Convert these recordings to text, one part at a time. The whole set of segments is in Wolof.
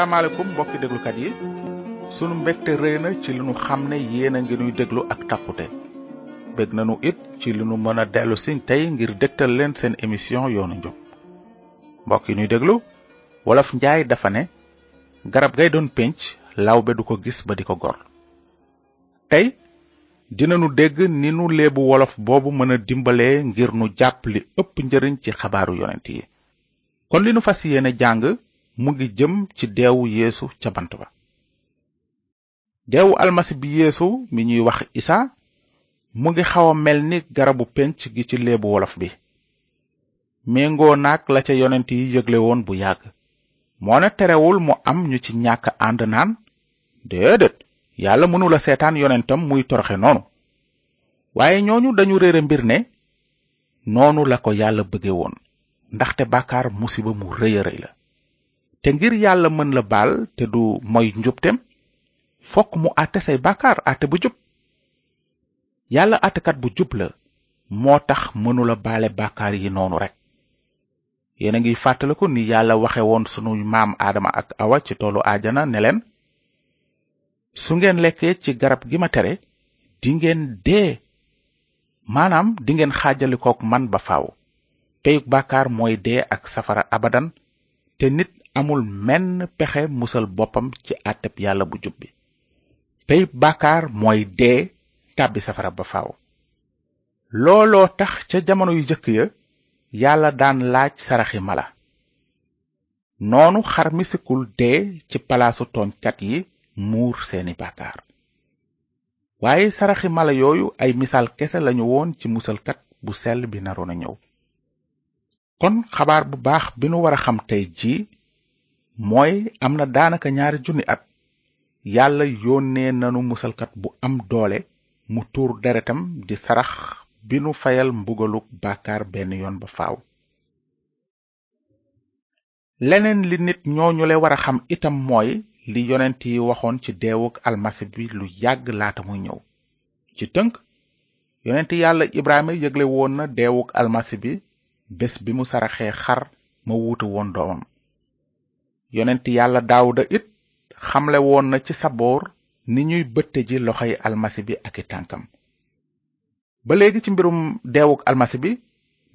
salaamaaleykum mbokki déglukat yi sunu mbégte rëy na ci li nu xam ne yéen a ngi nuy déglu ak takkute bég nanu it ci li nu mën a dellu si tey ngir dégtal leen seen émission yoonu njub mbokk yi nuy déglu wolof njaay dafa ne garab gay doon pénc lawbe du ko gis ba di ko gor tey dina nu dégg ni nu léebu wolof boobu mën a dimbalee ngir nu jàpp li ëpp njëriñ ci xabaaru yonent yi kon li nu fas yéene jàng mu ngi jëm ci deewu yeesu ca bant ba almasi bi yéesu mi ñuy wax isa mu ngi xaw a mel ni garabu penc gi ci leebu wolof bi méngoo naag la ca yonent yi yëgle woon bu yàgg moo ne terewul mu am ñu ci ñàkk ànd naan déedéet yàlla mënula seetaan yonentam muy toroxe noonu waaye ñooñu dañu réere mbir ne noonu la ko yàlla bëgge woon ndaxte bàkkaar musiba mu rëy rëy la te ngir yàlla mën la baal te du moy njubtem fokk mu àtte say bàkkaar àtte bu jub yàlla àttekat bu jub la moo tax mënula baale bàkkaar yi noonu rek yéen a ngi fàttaliku ni yàlla waxe woon sunu maam aadama ak awa ci toolu aajana ne leen su ngeen lekkee ci garab gi ma tere di ngeen dee maanaam dingeen xaajalikook man ba faw peyug bàkkaar mooy dee ak safara abadan te nit amul menn pexe musal boppam ci àtteb yàlla bu jub bi tey bàkkaar mooy dee tàbbi safara ba faaw looloo tax ca jamono yu jëkk ya yàlla daan laaj saraxi mala noonu xar mi dee ci palaasu tooñkat yi muur seeni bàkkaar waaye saraxi mala yooyu ay misaal kese lañu woon ci musalkat bu sell bi naroon na ñëw kon xabaar bu baax bi nu war xam tey jii mooy am na daanaka ñaari junni at yàlla yónnee nanu musalkat bu am doole mu tuur deretam di sarax bi nu fayal mbugaluk bàkkaar benn yoon ba faaw leneen li nit ñooñu le war a xam itam mooy li yonent yi waxoon ci deewuk almasi bi lu yàgg laata muy ñëw ci tënk yonent yàlla ibrahima yëgle woon na deewuk almasi bi bés bi mu saraxee xar ma wuutu woon doomam yonent yàlla daawuda it xamle woon na ci saboor ni ñuy bëtte loxo yi almasi bi ak i tànkam ba léegi ci mbirum deewuk almasi bi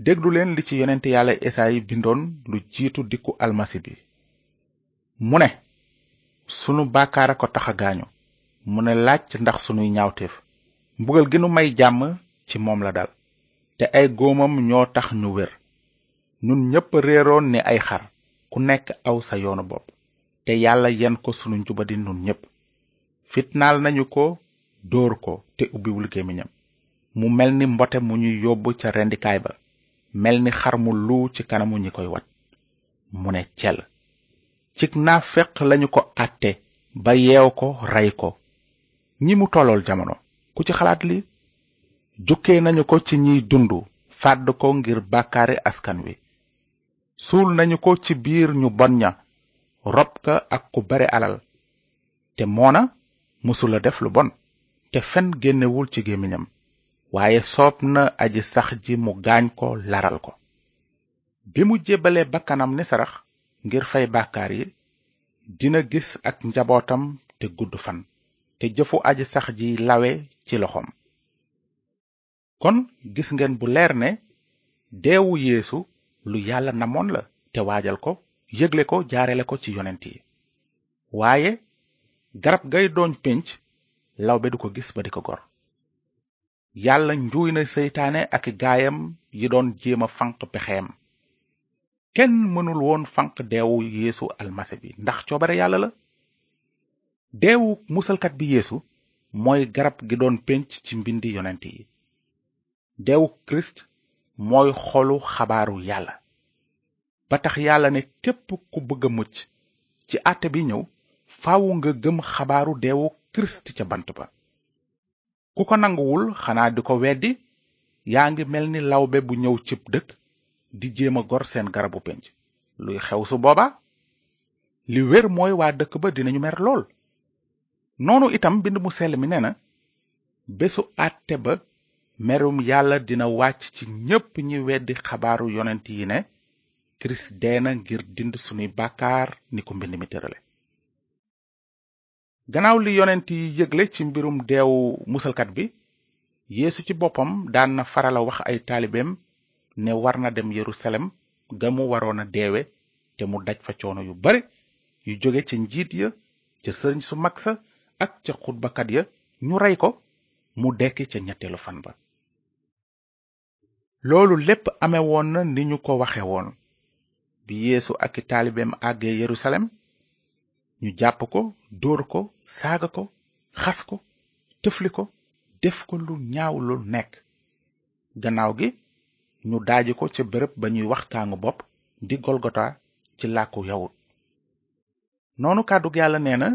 déglu leen li ci yonent yàlla esaayi bindoon lu jiitu dikku almasi bi mu ne sunu baakaar a ko tax a gaañu mu ne laaj ndax sunuy ñaawteef mbugal gi nu may jàmm ci moom la dal te ay góomam ñoo tax ñu wér nun ñépp réeroon ni ay xar ku nekk aw sa yoonu bopp te yàlla yen ko sunu njubadi nun ñépp fitnaal nañu ko dóor ko te ubbiwul gémmiñam mu mel ni mbote mu ñu yóbbu ca rendikaay ba mel ni xar mu luu ci kanamu ñi koy wat mu ne cel cig naa feq lañu ko àtte ba yeew ko rey ko ñi mu tollool jamono ku ci xalaat li jukkee nañu ko ci ñiy dund fàdd ko ngir bàkkaari askan wi suul nañu ko ci biir ñu bon ña rob ak ku bare alal te moona mësula def lu bon te fen génnewul ci gémmiñam waaye soob na aji sax ji mu gaañ ko laral ko bi mu jébalee bakkanam ni sarax ngir fay bàkkaar yi dina gis ak njabootam te gudd fan te jëfu aji sax ji lawe ci loxoom kon gis ngeen bu leer ne deewu yéesu lu yàlla namoon la te waajal ko yëgle ko jaarale ko ci yonent yi waaye garab gay doon pénc lawbe du ko gis ba di ko gor yàlla njuuy na seytaane ak gaayam yi doon jéem a fanq pexeem kenn mënul woon fanq deewu yéesu almasi bi ndax coobare yàlla la deewu musalkat bi yéesu mooy garab gi doon pénc ci mbindi yonent yi deewu kirist mooy xolu xabaaru yàlla ba tax yàlla ne képp ku bëgg mucc ci àtte bi ñëw faawu nga gëm xabaaru deewu kirist ca bant ba ku ko nanguwul xanaa di ko weddi yaa ngi mel ni lawbe bu ñëw cib dëkk di jéem a gor seen garabu pénc luy xew su booba li wér mooy waa dëkk ba dinañu mer lool noonu itam bind mu sell mi ne na bésu àtte ba merum yàlla dina wàcc ci ñépp ñi weddi xabaaru yonent yi ne kirist ngir dind sunuy bàkkaar ni ko mbind gannaaw li yonent yi yëgle ci mbirum deewu musalkat bi yéesu ci boppam daan na farala wax ay taalibeem ne war na dem yerusalem ga mu waroon a deewe te mu daj fa coono yu bare yu jóge ca njiit ya ca sëriñ su mag sa ak ca xutbakat ya ñu rey ko mu dekki ca ñetteelu fan ba loolu lépp amewoon na ni ñu ko waxe woon bi yéesu ak i taalibeem àggee yerusalem ñu jàpp ko dóor ko saaga ko xas ko tëfli ko def ko lu ñaaw lu nekk gannaaw gi ñu daaji ko ca bërëb ba ñuy wax kaangu bopp di golgota ci làkku yawut noonu kàddu yàlla nee na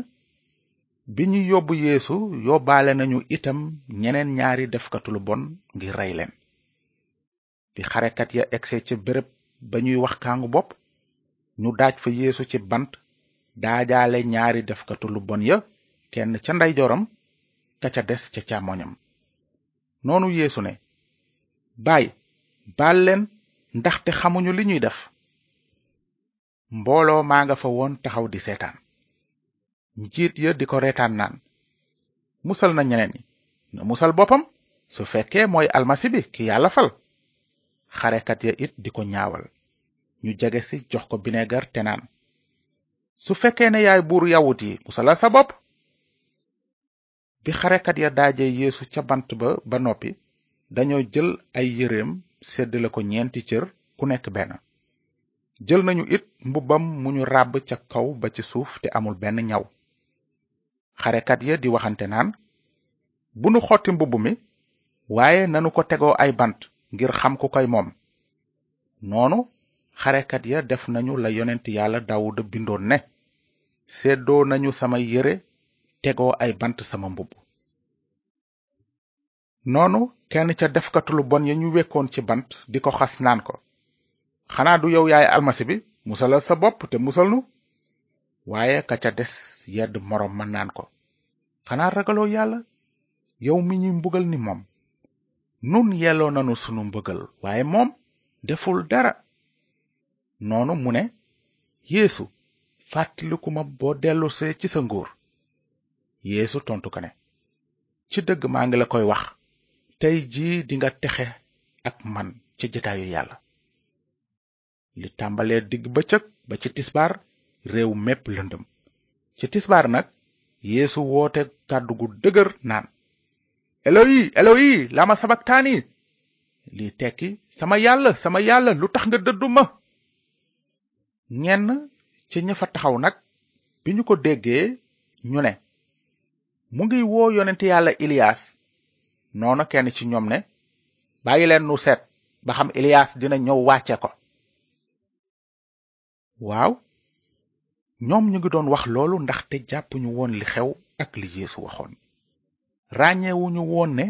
bi ñu yóbbu yeesu yóbbaale nañu itam ñeneen ñaari defkatulu bon ngir rey leen bi xarekat ya egse ca béréb ba ñuy wax kàngu bopp ñu daaj fa yéesu ci bant daajaale ñaari defkatu lu bon ya kenn ca ndeyjooram ka ca des ca càmmoñam noonu yéesu ne baay baal leen ndaxte xamuñu li ñuy def mbooloo maa nga fa woon taxaw di seetaan njiit ya di ko reetaan naan musal na ñeneen ñi na musal boppam su fekkee mooy almasi bi ki yàlla fal xarekat ya it di ko ñaawal ñu jege ci jox ko binegar te naan su fekkee ne yaay buur yawut yi musalal sa bopp bi xarekat ya daaje yeesu ca bant ba ba noppi dañoo jël ay yéreem séddale ko ñeenti cër ku nekk benn jël nañu it mbubbam mu ñu ràbb ca kaw ba ci suuf te amul benn ñaw xarekat ya di waxante naan bu nu xotti mbubb mi waaye nanu ko tegoo ay bant ngir xam ku koy moom noonu xarekat ya def nañu la yonent yàlla dawuda bindoon ne seddoo nañu samay yére tegoo ay bant sama mbubb noonu kenn ca defkatu lu bon ya ñu wekkoon ci bant di ko xas naan ko xanaa du yow yaay almasi bi musalal sa bopp te musal waaye ka ca des yedd moroom ma naan ko xanaa ragaloo yàlla yow mi ñuy mbugal ni moom nun yelloo nanu sunu mbëggal waaye moom deful dara noonu mu ne yéesu fàttaliku boo dellusee ci sa nguur yéesu tontu ko ne ci dëgg maa ngi la koy wax tey jii dinga texe ak man ci jataayu yàlla li tàmbalee digg bëccëg ba ci tisbaar réew mépp lëndëm ci tisbaar nag yeesu woote kàddugu dëgër naan eloyi eloyi lama sabaktaani lii tekki sama yàlla sama yàlla lu tax nga dëddu ñenn ci ña fa taxaw nag bi ñu ko déggee ñu ne mu ngi woo yonent yàlla iliyaas noonu kenn ci ñoom ne bàyyi leen nu seet ba xam iliyaas dina ñëw wàcce ko waaw ñoom ñu ngi doon wax loolu ndaxte jàpp ñu woon li xew ak li yeesu waxoon ràññewuñu woon ne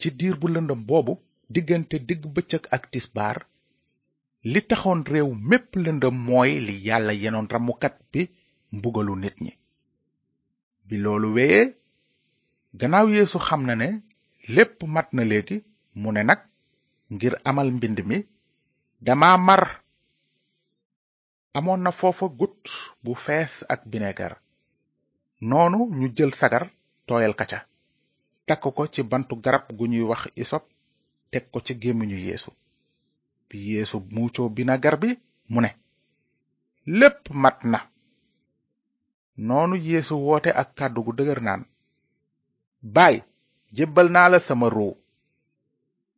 ci diir bu lëndëm boobu diggante digg bëccëg ak tisbaar li taxoon réew mépp lëndëm mooy li yàlla yenoon ramukat bi mbugalu nit ñi bi loolu wéyee gannaaw yeesu xam na ne lépp mat na léegi mu ne nag ngir amal mbind mi dama mar amoon na foofa gut bu fees ak bineegar noonu ñu jël sagar tooyal kaca takk ko ci bantu garab gu ñuy wax isop teg ko ci gémmiñu yéesu bi yeesu bina binagar bi mu ne lépp mat na noonu yéesu woote ak kàddu gu dëgër naan baay jébbal naa la sama ruu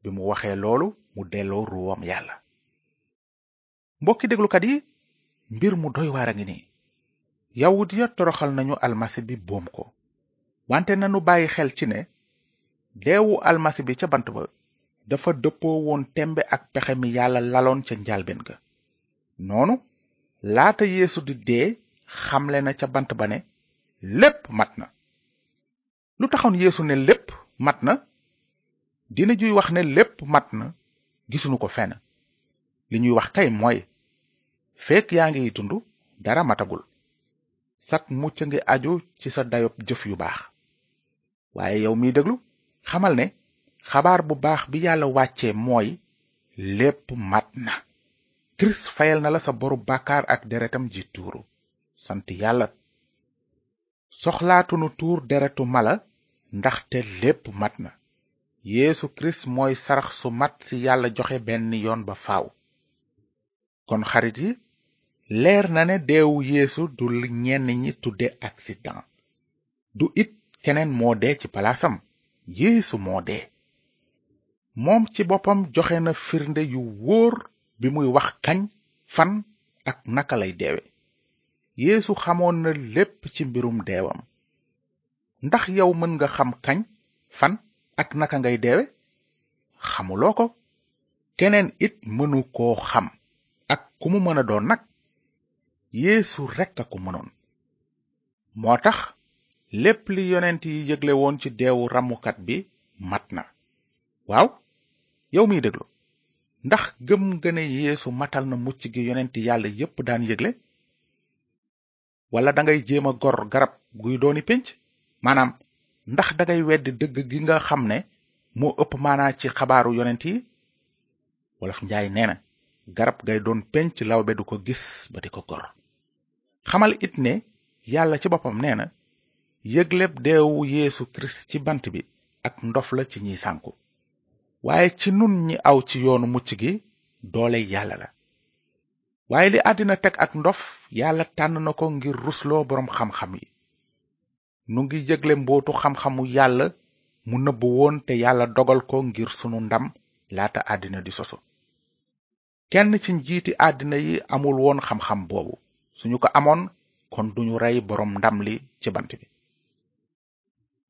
bi mu waxee loolu mu delloo ruwam yàlla mbokki déglukat yi mbir mu doy waar a ngi nii yawut ya toroxal nañu almasi bi boom ko wante nanu bàyyi xel ci ne deewu almasi bi ca bant ba dafa dëppoo woon tembe ak pexe mi yàlla laloon ca njalbeen ga noonu laata yéesu di dee xamle na ca bant ba ne lépp mat na lu taxoon yéesu ne lépp mat na dina juy wax ne lépp mat na gisuñu ko fenn li ñuy wax kay mooy fekk yaa ngi dund dara matagul sag mucc ngi aju ci sa dayob jëf yu baax waaye yow mii déglu xamal ne xabaar bu baax bi yàlla wàcce mooy lépp mat na kirist fayal na la sa boru bàkkaar ak deretam ji tuuru sant yàlla soxlaatunu tuur deretu mala ndaxte lépp mat na yéesu kirist mooy sarax su mat ci yàlla joxe benn yoon ba faaw kon xarit yi leer na ne deewu yéesu du ñenn ñi tudde accident du it keneen moo dee ci palaasam yeesu moo dee moom ci boppam joxe na firnde yu wóor bi muy wax kañ fan ak naka lay deewe yeesu xamoon na lépp ci mbirum deewam ndax yow mën nga xam kañ fan ak naka ngay deewe xamuloo ko keneen it mënu koo xam ak ku mu mëna doon nag yeesu rekk a ko mënoon lépp li yonent yi yëgle woon ci deewu ràmmukat bi mat na waaw yow mii déglu ndax gëm nga ne yeesu matal na mucc gi yonent yàlla yépp daan yëgle wala dangay jéem a gor garab guy dooni pénc maanaam ndax dangay wedd dëgg gi nga xam ne moo ëpp maanaa ci xabaaru yonent yi wolof njaay nee na garab gay doon pénc lawbe du ko gis ba di ko gor xamal it ne yàlla ci boppam nee na yëgleb deewu yeesu kirist ci bant bi ak ndof la ci ñiy sànku waaye ci nun ñi aw ci yoonu mucc gi doole yàlla la waaye li àddina teg ak ndof yàlla tànn na ko ngir rusloo boroom xam-xam yi nu ngi yëgle mbootu xam-xamu yàlla mu nëbb woon te yàlla dogal ko ngir sunu ndam laata àddina di sosu kenn ci njiiti àddina yi amul woon xam-xam boobu suñu ko amoon kon duñu rey boroom ndam li ci bant bi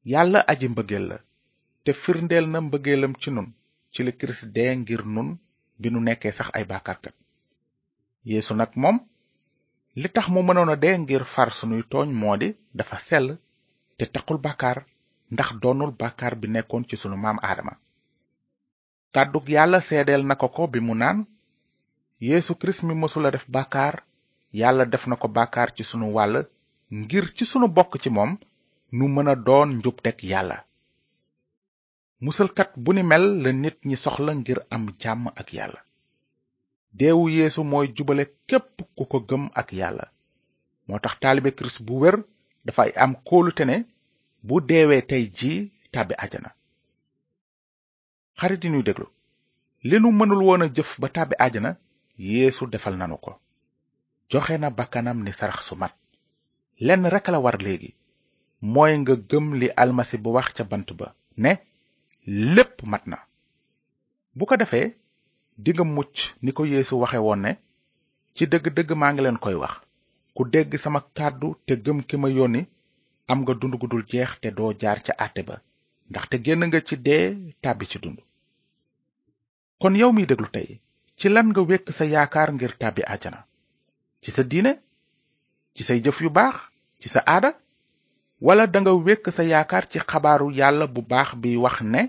yàlla aji mbëggeel la te firndeel na mbëggeelam ci nun ci li kirist dee ngir nun bi nu nekkee sax ay bàkkaarkat yéesu nag moom li tax mu mënoon a dee ngir far sunuy tooñ moo di dafa sell te taxul bàkkaar ndax doonul bàkkaar bi nekkoon ci sunu maam aadama kàddug yàlla seddeel na ko ko bi mu naan yeesu kirist mi mësula def bàkkaar yàlla def na ko bàkkaar ci sunu wàll ngir ci sunu bokk ci moom nu mën a doon njubteg yàlla musalkat bu ni mel la nit ñi soxla ngir am jàmm ak yàlla deewu yéesu mooy jubale képp ku ko gëm ak yàlla moo tax taalibe kirist bu wér dafay am kóolute ne bu deewee tey ji tàbbi ajana xarit yi ñuy déglu li nu mënul woon a jëf ba tàbbi ajana yéesu defal nanu ko joxe na bàkkanam ni sarax su mat lenn rek la war léegi mooy nga gëm li almasi bu wax ca bant ba ne lépp mat na bu ko defee dinga mucc ni ko yéesu waxe woon ne ci dëgg-dëgg maa ngi leen koy wax ku dégg sama kàddu te gëm ki ma yónni am nga dund gu dul jeex te doo jaar ca àtte ba ndaxte génn nga ci dee tàbbi ci dund kon yow miy déglu tey ci lan nga wekk sa yaakaar ngir tàbbi àjjana ci sa diine ci say jëf yu baax ci sa aada wala danga wekk sa yaakaar ci xabaaru yàlla bu baax bi wax ne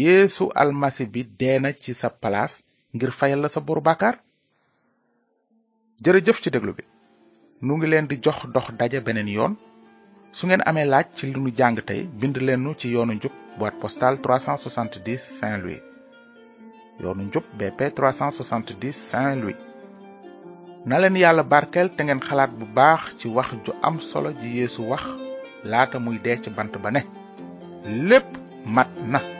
yeesu almasi bi dee na ci sa palaas ngir fayal la sa boru bàkkaar jërëjëf ci déglu bi nu ngi leen di jox dox daje beneen yoon su ngeen amee laaj ci li nu jàng tey bind leen ci yoonu njub boîte postale 370 Saint-Louis yoonu njub BP 370 Saint-Louis na leen yàlla barkeel te ngeen xalaat bu baax ci wax ju am solo ji yéesu wax laata muy dee ci bant ba ne lépp mat na